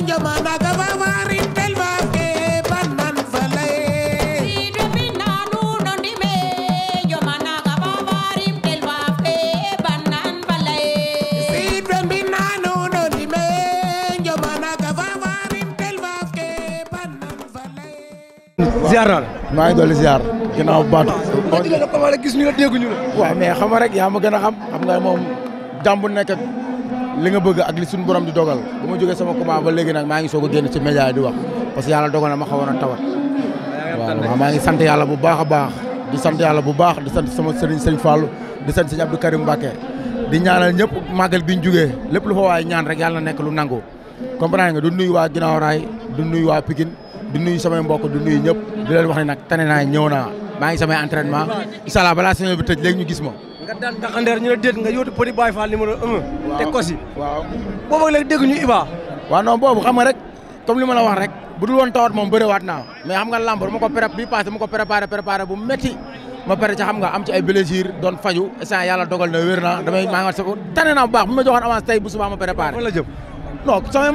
ziar naa la. maa ngi dolli ziar. ginnaaw baatu. wax dëgg la ñu la dégguñu la. waaw mais xam nga rek yaa ma gën a xam. xam nga moom jàmbu nekk li nga bëgg ak li suñu borom di dogal bu ma jógee sama combat ba léegi nag maa ngi soo a génn ci média yi di wax parce que dogal na ma xawoon a tawat waaw maa ngi sant yàlla bu baax a baax di sant yàlla bu baax di sant sama sëriñ sëriñ Fallou di sant sëriñ Abdou Karim Mbacké di ñaana ñëpp màggal bi ñu jógee lépp lu fa waaye ñaan rek yàlla na nekk lu nangu comprendre ngi du nuyu waa ginnaaw raay du nuyu waa Pikine du nuyu samay mbokk du nuyu ñëpp di leen wax ne nag tane ñëw naa maa ngi samay entraînement incha allah balaa saison bi tëj léegi ñu gis ma nga daan taxandeer ñu ne déet nga yóotu Petit Baye Fall numéro 1. te kosi waaw boobu ak léegi Iba. waaw non boobu xam nga rek comme li ma rek bu dul woon tawat moom bëriwaat naa mais xam nga lamb ma ko prép bii passé ma ko préparé préparé bu métti ma pare ci xam nga am ci ay plaisir faju instant yàlla dogal na wér na damay maa ngi ko tane naa baax bu ma joxoon tey bu subaa ma préparé. fan la jëm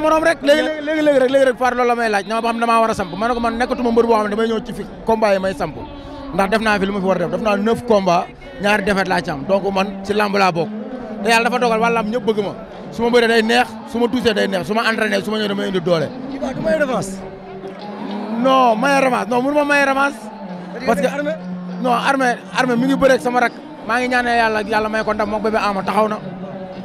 non rek léegi léegi léegi rek léegi rek ndax def naa fi lu ma fi war a def def naa neuf combats ñaari défaite laa ci am man ci làmb laa dafa dogal wàllam ñëpp ma su ma bëree day neex su ma tuusee day neex su ma entraîné su ma ñëw damay indi ma waaw du may revanche. non may revanche non mënu ma may revanche. parce que non armée mi ngi bëreeg sama rak maa ngi ñaanal yàlla yàlla may ko ndam moom bébé Ama taxaw na.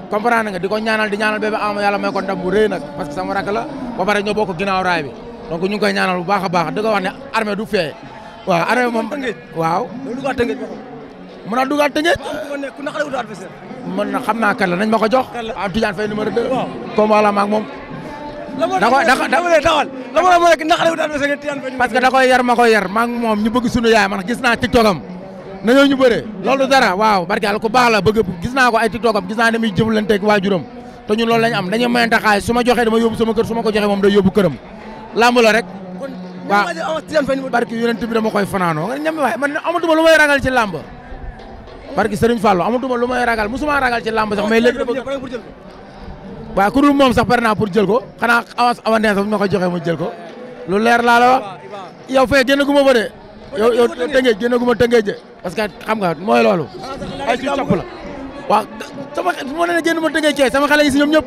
comprendre nga di ko ñaanal di ñaanal bébé Ama yàlla may ko ndam bu rëy nag parce que sama rak la ba pare ñoo bokk baax a baax waaw arrêté moom waaw. mën naa dugal tënkee. mën na xam naa kan la nañ ma ko jox. ah Tidiane Faye numéro 2. waaw comme wala ma ak moom. da ko da ko parce que da koy yar ma koy yar ma ak moom ñu bëgg sunu yaay man gis naa tiktokam nañoo ñu waaw barke yàlla ku baax la bëgg gis naa ko ay tiktokam gis naa ne muy jëflanteeg waajuram te ñun loolu lañ am dañuy mayante xaalis su ma joxee dama yóbbu sama kër su ma ko joxee moom day yóbbu këram làmb la rek waaw oh, barki yonent bi dama koy fanaanoo nga ñam waay man amatuma lu may ragal ci làmb barki Serigne Fallou amatuma lu may ragal musuma ragal ci làmb sax mais léegi dama waaw ku dul moom sax pare naa pour jël ko xanaa avance avance ma ko joxee mu jël ko lu leer laa la wax yow fee génn gu ma ba de yow yow ma tëngéej de parce que xam nga mooy loolu ay ci topp la waaw sama moo ne ne ma tëngéej sama xale yi si ñoom ñëpp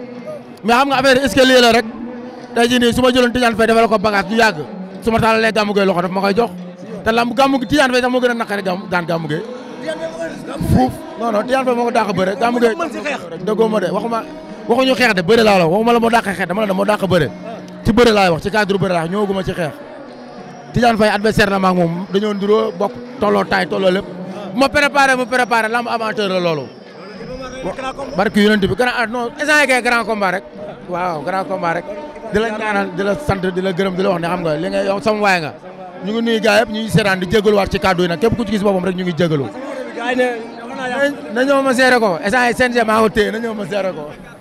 mais xam nga affaire est-ce su ma jëloon Tidiane Faye defal ko bagage du yàgg su ma taalalee gàmmu gay loxo daf ma koy jox te lamb gàmmu gi Tidiane Faye sax moo gën a naqari gàmm daan gàmmu gay fuuf non non Tidiane Faye moo ko dàq bëre ma de waxuma waxuñu xeex de bëre laa la waxuma la moo dàq xeex dama la ne moo dàq bëre ci bëre laay wax ci cadre bëre laa ñëwaguma ci xeex Tidiane Faye adversaire na ma ak moom dañoo nduróo bokk tolloo taay tolloo bu ma préparé mu préparé lamb amateur la loolu barki yonent bi grand ah, non instant yekee rek waaw grand combat rek di la ñaanal di la sant di la gërëm di la wax ne xam nga li nga yow sama waay nga ñu ngi nuyu gars yëpp ñu ngi seetaan di jégaluwaat ci kàddu yi képp ku ci gis boppam rek ñu ngi na ñëw ma seere ko instant yi téye na ñëw ma seere ko